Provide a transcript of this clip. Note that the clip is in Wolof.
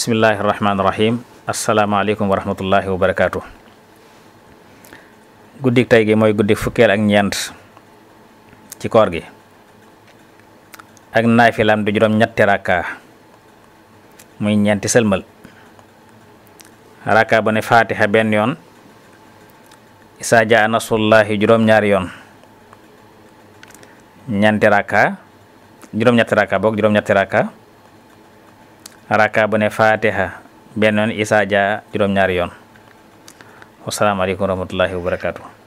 bismillahi rahmaani rahim asalaamaaleykum wa rahmatullahi wa guddik tey gi mooy guddik fukkeel ak ñeent ci koor gi ak naafilaam du juróom ñetti rakka muy ñeenti sëlmal rakka ba ne faatiha benn yoon isaa jaa nasrullaahi juróom-ñaari yoon ñeenti rakka juróom-ñetti rakka boog juróom-ñetti rakka raka bu ne fatiha benn yoon isa dia ñaari yoon wasalaamaaleykum wa rahmatullahi wa barakatu